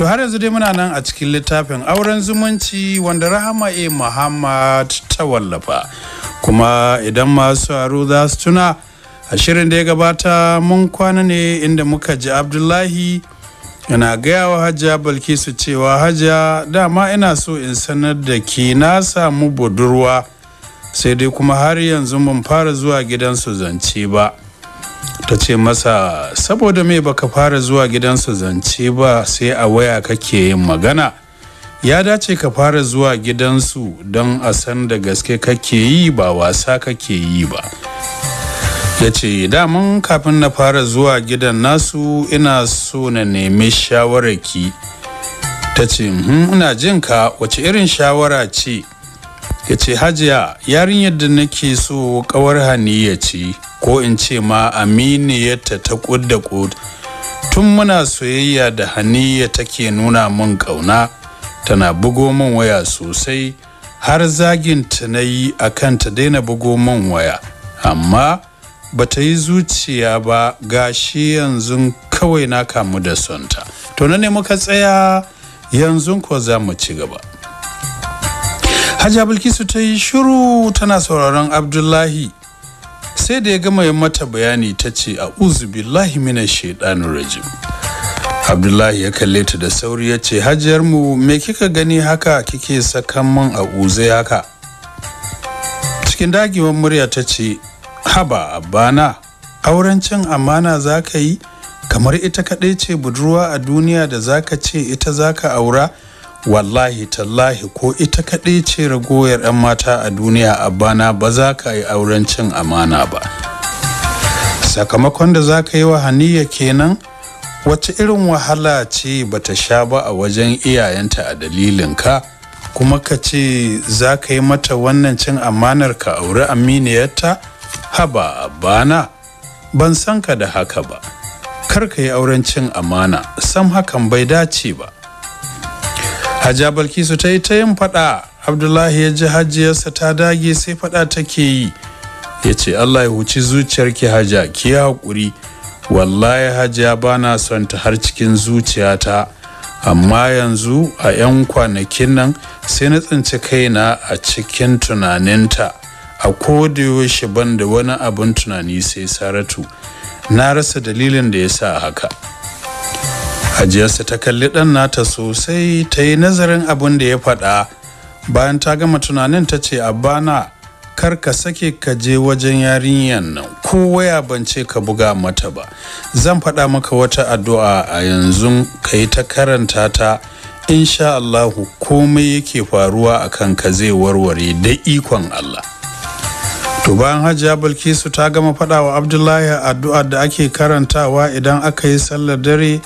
To har yanzu dai muna nan a cikin littafin auren zumunci wanda Rahama E. Muhammad ta wallafa. Kuma idan masu aro za su tuna a shirin da ya gabata mun kwana ne inda muka ji Abdullahi yana gaya wa Hajiya Balkisu cewa Hajiya dama ina so in sanar da ke na samu budurwa sai dai kuma har yanzu mun fara zuwa gidan su zance ba. ta ce masa saboda me baka fara zuwa gidansa zance ba sai a waya kake yin magana ya dace ka fara zuwa gidansu don a san da gaske kake yi ba wasa kake yi ba ya ce daman kafin na fara zuwa gidan nasu ina so na nemi shawararki ta ce hmm, ina jin ka wace irin shawara ce ya ce hajiya yarinyar da nake so kawar haniya ce ko in ce ma aminiyarta ta ƙud da tun muna soyayya da haniya take nuna mun ƙauna tana bugo min waya sosai har zagin ta na yi a kan ta daina bugo min waya amma ba ta yi zuciya ba gashi yanzu kawai na kamu da sonta to na ne muka tsaya yanzu ko za mu ci gaba hajja Bilkisu ta yi shiru tana sauraron Abdullahi sai da ya gama ya mata bayani ta ce a billahi mina shaidanun rajim abdullahi ya kalle ta da sauri ya ce hajiyar mu me kika gani haka kike sakan man a uzai haka cikin dagewar murya ta ce haba bana. auren cin amana za ka yi kamar ita kaɗai ce budurwa a duniya da za ka ce ita za ka aura wallahi tallahi ko ita kaɗai ce ragowar 'yan mata a duniya a bana ba za ka yi auren cin amana ba sakamakon da za ka yi wa haniya kenan wacce irin wahala ce ba ta sha ba a wajen iyayenta a dalilin ka kuma ka ce za ka yi mata wannan cin amanar ka auri aminiyarta haba bana ban san ka da haka ba kar ka yi auren cin amana sam hakan bai dace ba hajiya balkisu ta yi ta yin faɗa abdullahi ya ji hajiyarsa ta dage sai faɗa take yi ya ce allah ya huci ki haja ki haƙuri wallahi hajiya ba na son ta har cikin zuciyata amma yanzu a 'yan kwanakin nan sai na tsinci kaina a cikin tunaninta a kodayaushe ban da wani abin tunani sai saratu na rasa dalilin da ya sa haka hajiyarsa ta kalli ɗan nata sosai ta yi nazarin abin da ya faɗa bayan ta gama tunanin ta ce abana kar ka sake ka je wajen yarinyar nan ko waya ban ce ka buga mata ba zan faɗa maka wata addu'a a yanzu ka yi ta karanta ta insha Allahu komai yake faruwa a kan ka zai warware da ikon Allah to bayan hajiya bilkisu ta gama faɗa wa abdullahi addu'ar da ake karantawa idan aka yi sallar dare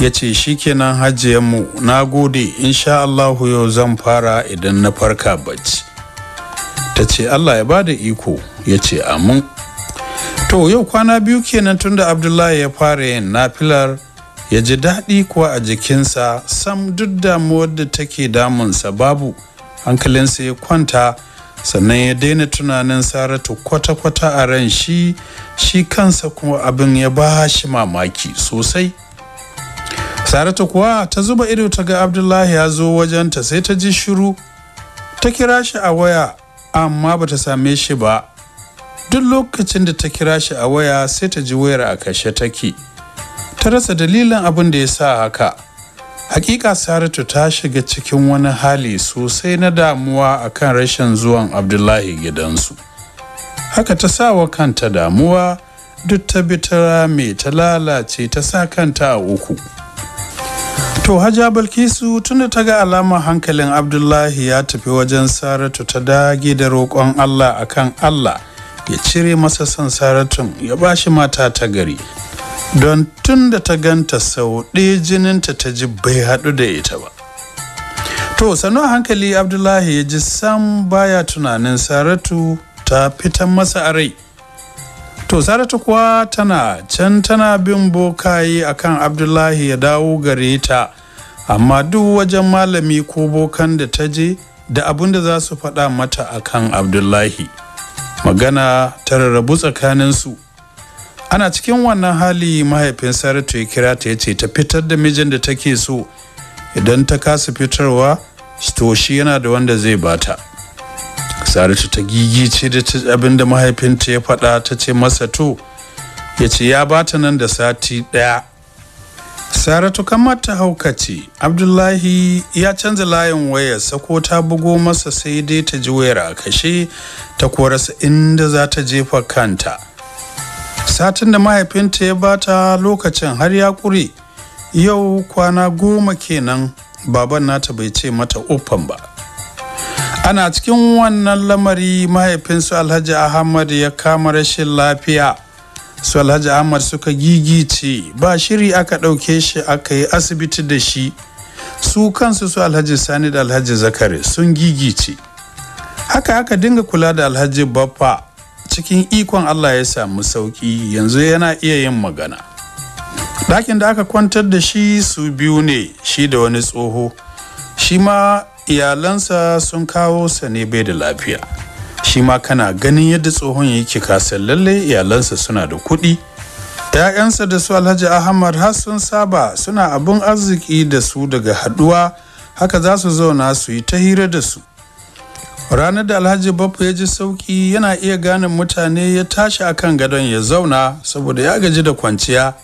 ya ce shikenan mu na gode insha Allahu yau zan fara idan na farka bacci ta ce Allah ya bada iko ya ce amin to yau kwana biyu kenan tunda abdullahi ya fara yin nafilar ya ji daɗi kuwa a jikinsa sam duk damuwar da take damunsa babu hankalinsa ya kwanta sannan ya daina tunanin saratu kwata-kwata a ran shi shi kansa kuma abin ya ba shi mamaki sosai saratu kuwa ta zuba ido ta ga abdullahi ya zo wajenta sai ta ji shiru ta kira shi a waya amma ba ta same shi ba duk lokacin da ta kira shi a waya sai ta ji wayar a kashe take ta rasa dalilin abin da ya sa haka hakika saratu ta shiga cikin wani hali sosai na damuwa akan rashin zuwan abdullahi gidansu haka ta sa wa kanta damuwa duk ta bi ta mai ta lalace ta sa kanta a uku to haja balkisu tunda ta ga alamar hankalin abdullahi ya tafi wajen saratu ta dage da roƙon allah akan allah ya cire masa son saratun ya ba shi mata ta gari don tun da ta ganta sau ɗaya jininta ta ji bai haɗu da ita ba to sanu a hankali abdullahi ya ji sam baya tunanin saratu ta fitan masa a rai to saratu kuwa tana can tana bin bokaye akan abdullahi ya dawo gare ta amma duk wajen malami ko bokan da ta je da abun da za su faɗa mata akan abdullahi magana ta rarrabu tsakanin su ana cikin wannan hali mahaifin saratu ya kira ta ya ce ta fitar da mijin da take so idan ta kasa fitarwa to shi yana da wanda zai bata saratu ta gigice da abin abinda mahaifinta ya faɗa ta ce masa to ya ce ya bata nan da sati ɗaya saratu kamar ta haukace abdullahi ya canza layin wayar sako ta bugo masa sai dai ta ji wayar a kashe ta korasa inda za ta jefa kanta satin da mahaifinta ya bata lokacin har ya kure yau kwana goma kenan baban nata bai ce mata uffan ba ana cikin wannan lamari mahaifinsu alhaji ahmad ya kama rashin lafiya su alhaji ahmad suka gigice ba shiri aka ɗauke shi aka yi asibiti da shi su kansu su alhaji sani da alhaji zakari sun gigice haka aka dinga kula da alhaji baffa cikin ikon allah ya samu sauki yanzu yana iya yin magana ɗakin da aka kwantar da shi su biyu ne shi da wani tsoho shi ma iyalansa sun kawo sa ne bai da lafiya shi ma kana ganin yadda tsohon yake kasar lalle iyalansa suna da kuɗi ‘ya'yansa da su alhaji ahmad har sun saba suna abin arziki da su daga haduwa haka za su zauna su yi ta hira da su ranar da alhaji bafu ya ji sauki yana iya ganin mutane ya tashi akan gadon ya zauna saboda ya gaji da kwanciya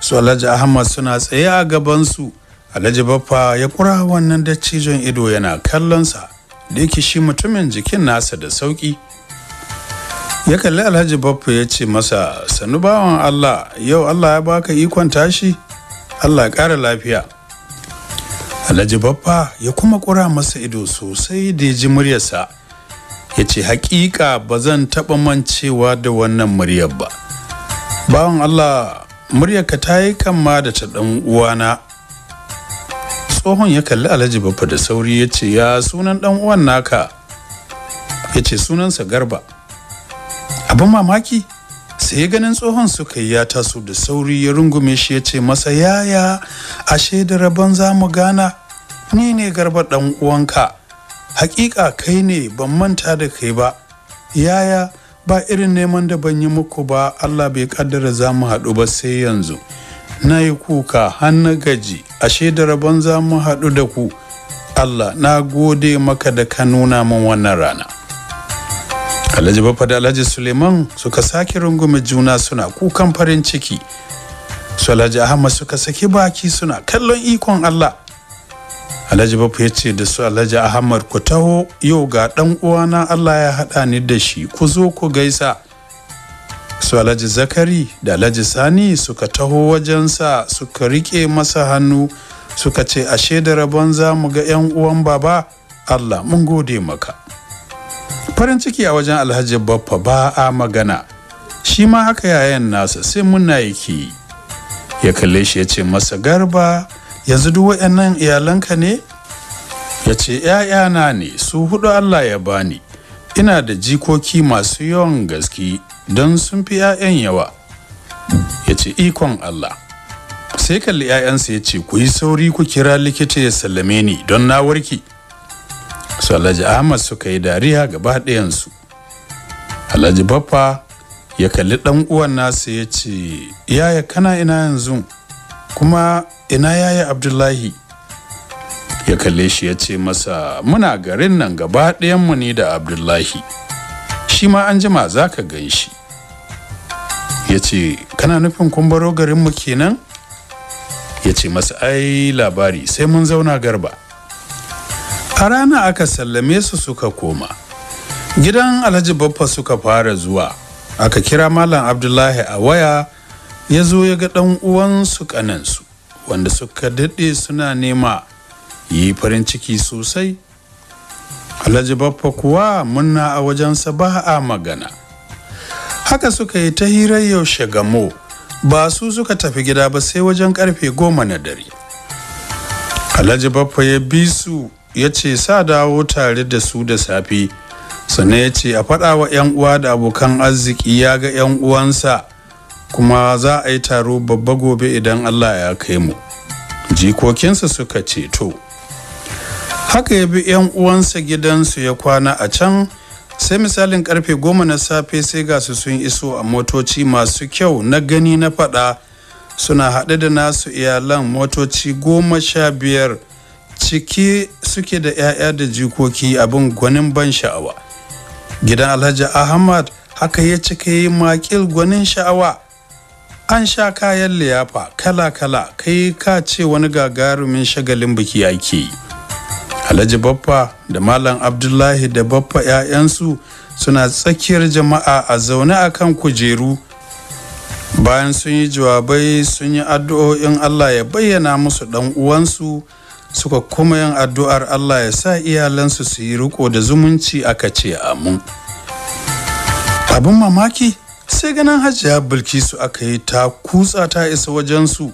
su alhaji ahmad suna tsaye a gabansu alhaji baffa ya kura wannan dattijon ido yana kallonsa da yake shi mutumin jikin nasa da sauki ya kalli alhaji baffa ya ce masa sanu bawan allah yau allah ya baka ikon tashi allah ƙara lafiya alhaji baffa ya kuma kura masa ido sosai da ya ji muryarsa ya ce hakika ba zan taɓa mancewa da wannan muryar ba bawan allah muryarka ta yi kama da ta ɗan uwana tsohon ya kalli alhaji bafa da sauri ya ce ya sunan dan uwan naka ya ce sunansa garba abin mamaki sai ya ganin tsohon suka yi ya taso da sauri ya rungume shi ya ce masa yaya ashe da rabon za mu gana ni ne garba dan uwanka hakika kai ne ban manta da kai ba yaya ba irin neman da ban yi muku ba allah bai kaddara za mu haɗu ba sai yanzu na yi kuka har na gaji ashe da rabon za mu haɗu da ku Allah na gode maka da ka nuna min wannan rana Alhaji Baffa da Alhaji Suleiman suka sake rungume juna suna kukan farin ciki su Alhaji Ahmad suka saki baki suna kallon ikon Allah Alhaji Baffa ya ce da su Alhaji Ahmad ku taho yau ga ɗan uwana Allah ya haɗa ni da shi ku zo ku gaisa su alhaji zakari da alhaji sani suka taho wajensa suka rike masa hannu suka ce ashe da rabon za mu ga 'yan uwan baba allah mun gode maka farin ciki a wajen alhaji baffa ba a magana shi ma haka yayan nasa sai muna yake ya kalle shi ya ce masa garba yanzu duk waɗannan iyalanka ne ya ce ‘ya'yana ne su hudu Allah ya bani ina da jikoki masu yawan gaske don sun fi 'ya'yan yawa ya ce ikon Allah sai kalli 'ya'yansa ya ce ku yi sauri ku kira likita ya sallame ni don na warki su alhaji ahmad suka yi dariya gaba ɗayansu alhaji baffa ya kalli ɗan uwan nasa ya ce yaya kana ina yanzu kuma ina yaya abdullahi ya kalle shi ya ce masa muna garin nan gaba ɗayanmu ne da abdullahi shi ma an jima za ka gan shi ya ce kana nufin kumbaro garinmu kenan ya ce masa ai labari sai mun zauna garba a rana aka sallame su suka koma gidan alhaji baffa suka fara zuwa aka kira malam abdullahi a waya ya zo ya ga ɗan uwansu kanansu wanda suka daɗe suna nema yi farin ciki sosai alhaji baffa kuwa muna a wajensa ba a magana haka suka yi ta hirar yaushe gamo ba su suka tafi gida ba sai wajen karfe goma na dare alhaji baffa ya bi su ya ce sa dawo tare da su da safe sannan ya ce a faɗa wa 'yan uwa da abokan arziki ya ga 'yan uwansa kuma za a yi taro babba gobe idan allah ya kai mu jikokinsa suka ceto. to haka ya bi 'yan uwansa gidansu ya kwana a can sai misalin karfe goma na safe sai ga su sun iso a motoci masu kyau na gani na fada suna haɗe da nasu iyalan motoci goma sha biyar ciki suke da 'ya'ya da jikoki abin gwanin ban sha'awa gidan alhaji ahmad haka ya cika yi makil gwanin sha'awa an sha kayan liyafa kala-kala kai ka ce wani gagarumin shagalin biki ake yi alhaji baffa da malam abdullahi da baffa 'ya'yansu suna tsakiyar jama'a a zaune a kan kujeru bayan sun yi jawabai sun yi addu'o'in allah ya bayyana musu ɗan uwansu suka kuma yin addu'ar allah ya sa iyalansu su yi riko da zumunci aka ce amin abin mamaki sai ganin hajiya bilkisu aka yi ta kutsa ta isa wajensu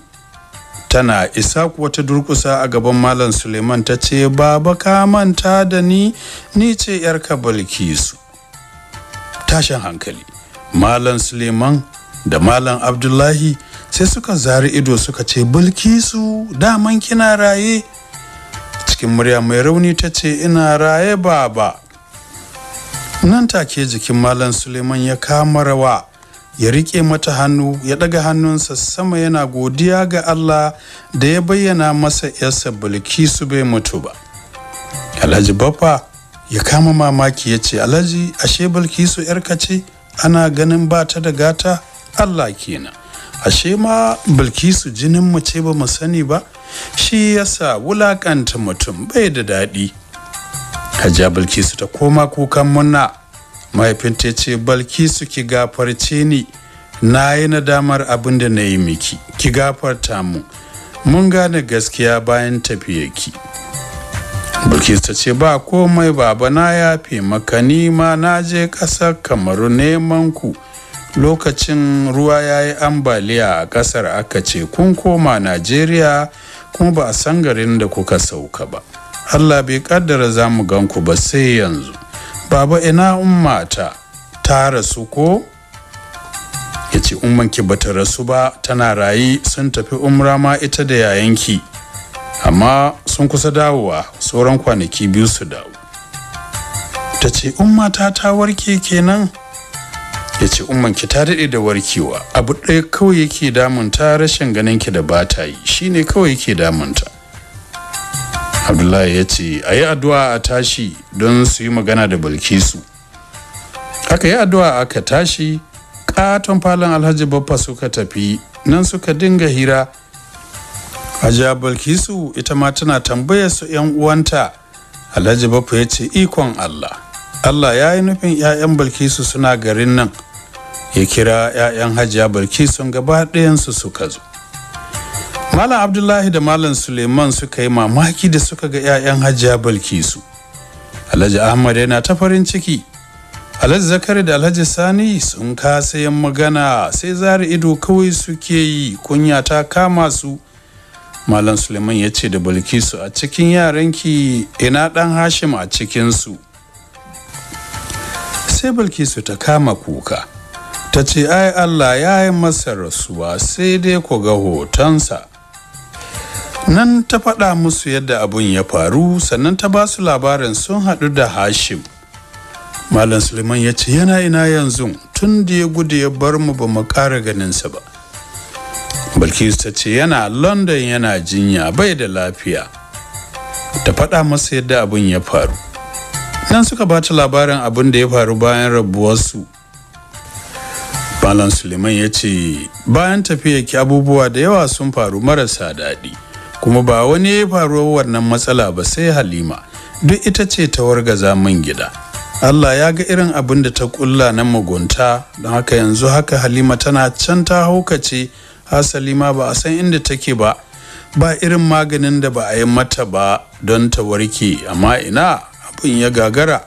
tana isa kuwa ta durkusa a gaban malam suleiman ta ce baba ka manta da ni ni ce yarka Bilkisu. tashin hankali malam suleiman da malam abdullahi sai suka zari ido suka ce bilkisu daman kina raye cikin murya mai rauni ta ce ina raye baba nan take jikin malam suleiman ya kama rawa ya riƙe mata hannu ya ɗaga hannunsa sama yana godiya ga Allah da ya bayyana masa yarsa Bilkisu bai mutu ba. Alhaji Baffa ya kama mamaki ya ce Alhaji ashe Bilkisu yarka ce ana ganin ba ta da gata Allah kenan. Ashe ma Bilkisu jinin mu ce ba mu sani ba shi yasa wulaƙanta mutum bai da daɗi. Hajiya Bilkisu ta koma kukan munna. mahaifinta ya ce balkisu ki gafarce ni na yi nadamar abin da na yi miki ki gafarta mu mun gane gaskiya bayan tafiyarki bilkisu ta ce ba komai baba na yafe maka ni ma na je ƙasar kamaru neman ku lokacin ruwa ya yi ambaliya a ƙasar aka ce kun koma najeriya kuma ba a san garin da kuka sauka ba allah bai kaddara za mu gan ba sai yanzu baba ina umma ta ta rasu ko ya ce ki bata rasu ba tana rayi sun tafi umra ma ita da yayanki amma sun kusa dawowa sauran kwanaki biyu su dawo ta ce ummata ta warke kenan ya ce ki ta daɗe da warkewa abu ɗaya kawai yake damunta rashin ganin ki da ba yi shine kawai yake damunta abdullahi ya ce a yi addu'a a tashi don su yi magana da bilkisu aka yi addu'a aka tashi katon falon alhaji baffa suka tafi nan suka dinga hira hajiya bilkisu ita ma tana tambayar su yan uwanta alhaji baffa ya ce ikon allah allah ya yi nufin 'ya'yan bilkisu suna garin nan ya kira 'ya'yan hajiya bilkisun gaba ɗayansu suka zo Malam Abdullahi da Malam Suleiman suka yi mamaki da suka ga 'ya'yan Hajiya Balkisu. Alhaji Ahmad yana ta farin ciki. Alhaji Zakari da Alhaji Sani sun kasa yin magana sai zari ido kawai suke yi kunya ta kama su. Malam Suleiman ya ce da Balkisu a cikin yaranki ina ɗan Hashim a cikinsu. Sai Balkisu ta kama kuka. Ta ce, "Ai Allah ya yi masa rasuwa sai dai ku ga hotonsa." nan ta faɗa musu yadda abun ya faru sannan ta ba su labarin sun haɗu da hashim malam suleiman ya ce yana ina yanzu tun da ya gudu ya bar mu ba mu ƙara ganinsa ba bilkisu ta ce yana london yana jinya bai da lafiya ta faɗa masa yadda abun ya faru nan suka ba ta labarin abun da ya faru bayan rabuwarsu malam suleiman ya ce bayan tafiya ki abubuwa da yawa sun faru marasa daɗi kuma ba wani ya faruwa wannan matsala ba sai halima duk ita ce ta wargaza min gida allah ya ga irin abin da ta kulla na mugunta don haka yanzu haka halima tana can ta haukace hasali ma ba a san inda take ba ba irin maganin da ba a yi mata ba don ta warke amma ina abin ya gagara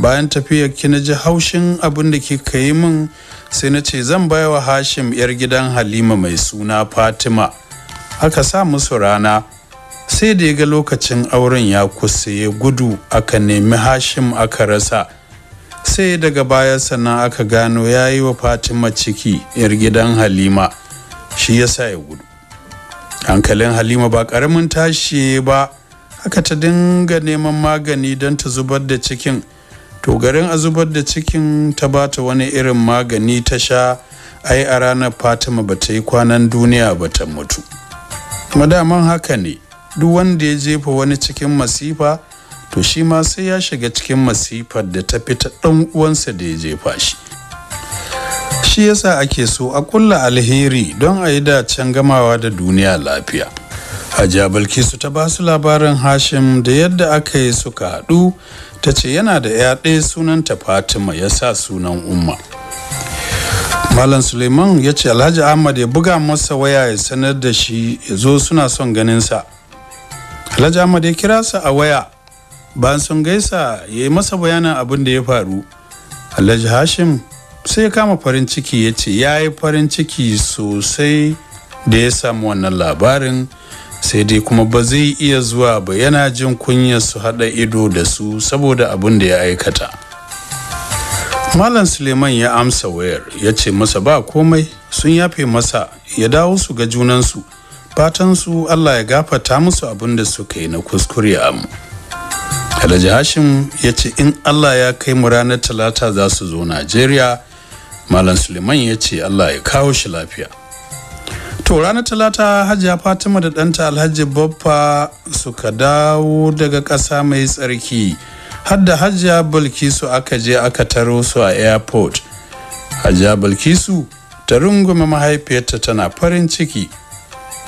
bayan tafiyar ki na ji haushin abin da kika yi min sai na ce zan wa hashim yar gidan halima mai suna fatima aka sa musu rana sai da ya ga lokacin auren ya kusa ya gudu aka nemi hashim aka rasa sai daga baya sannan aka gano ya yi wa fatima ciki yar gidan halima shi ya sa ya gudu hankalin halima ba karamin tashi ba aka ta dinga neman magani don ta zubar da cikin to garin a zubar da cikin ta bata wani irin magani ta sha ai a ranar fatima ba ta yi kwanan duniya ba ta mutu madaman haka ne duk wanda ya jefa wani cikin masifa to shi ma sai ya shiga cikin masifar da ta fita ɗan uwansa da ya jefa shi shi yasa ake so a kulla alheri don a yi dacen gamawa da duniya lafiya hajiya bilkisu ta ba su labarin hashim da yadda aka yi suka haɗu ta ce yana da ya ɗaya sunanta fatima ya sa sunan umma malam suleiman ya ce alhaji ahmad ya buga masa waya ya sanar da shi ya zo suna son ganinsa alhaji ahmad ya kira sa a waya bayan sun gaisa ya yi masa bayanin abin da ya faru alhaji hashim sai ya kama farin ciki ya ce ya yi farin ciki sosai da ya samu wannan labarin sai dai kuma ba zai iya zuwa ba yana jin kunyar su haɗa ido da su saboda abin da ya aikata. Malam Suleiman ya amsa wayar ya ce masa ba komai sun yafe masa ya dawo su ga junansu fatan su Allah ya gafata musu abin da suka yi na kuskure a mu. Alhaji Hashim ya ce in Allah ya kai mu ranar talata za su zo Najeriya Malam Suleiman ya ce Allah ya kawo shi lafiya. To ranar talata Hajiya Fatima da ɗanta Alhaji Baffa suka dawo daga ƙasa mai tsarki. har da hajja bulkisu aka je aka taro su a airport hajja bulkisu ta rungume mahaifiyarta tana farin ciki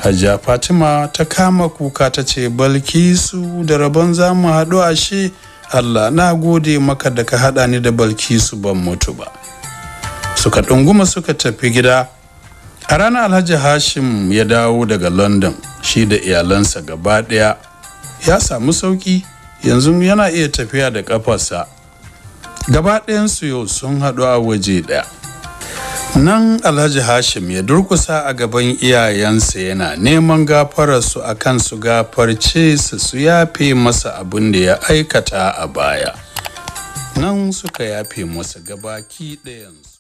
hajja fatima ta kama kuka ta ce balkisu da rabon za mu haɗu ashe allah na gode maka da ka haɗa ni da balkisu ban mutu ba suka ɗunguma suka tafi gida a ranar alhaji hashim ya dawo daga london shi da iyalansa gaba ɗaya ya samu sauƙi yanzu yana iya tafiya da ƙafasa. gaba su yau sun haɗu a waje ɗaya nan alhaji hashim ya durkusa a gaban iyayensa yana neman gafararsu a kan su gafarce su su yafe masa abin da ya aikata a baya nan suka yafe masa gabaki ɗayansu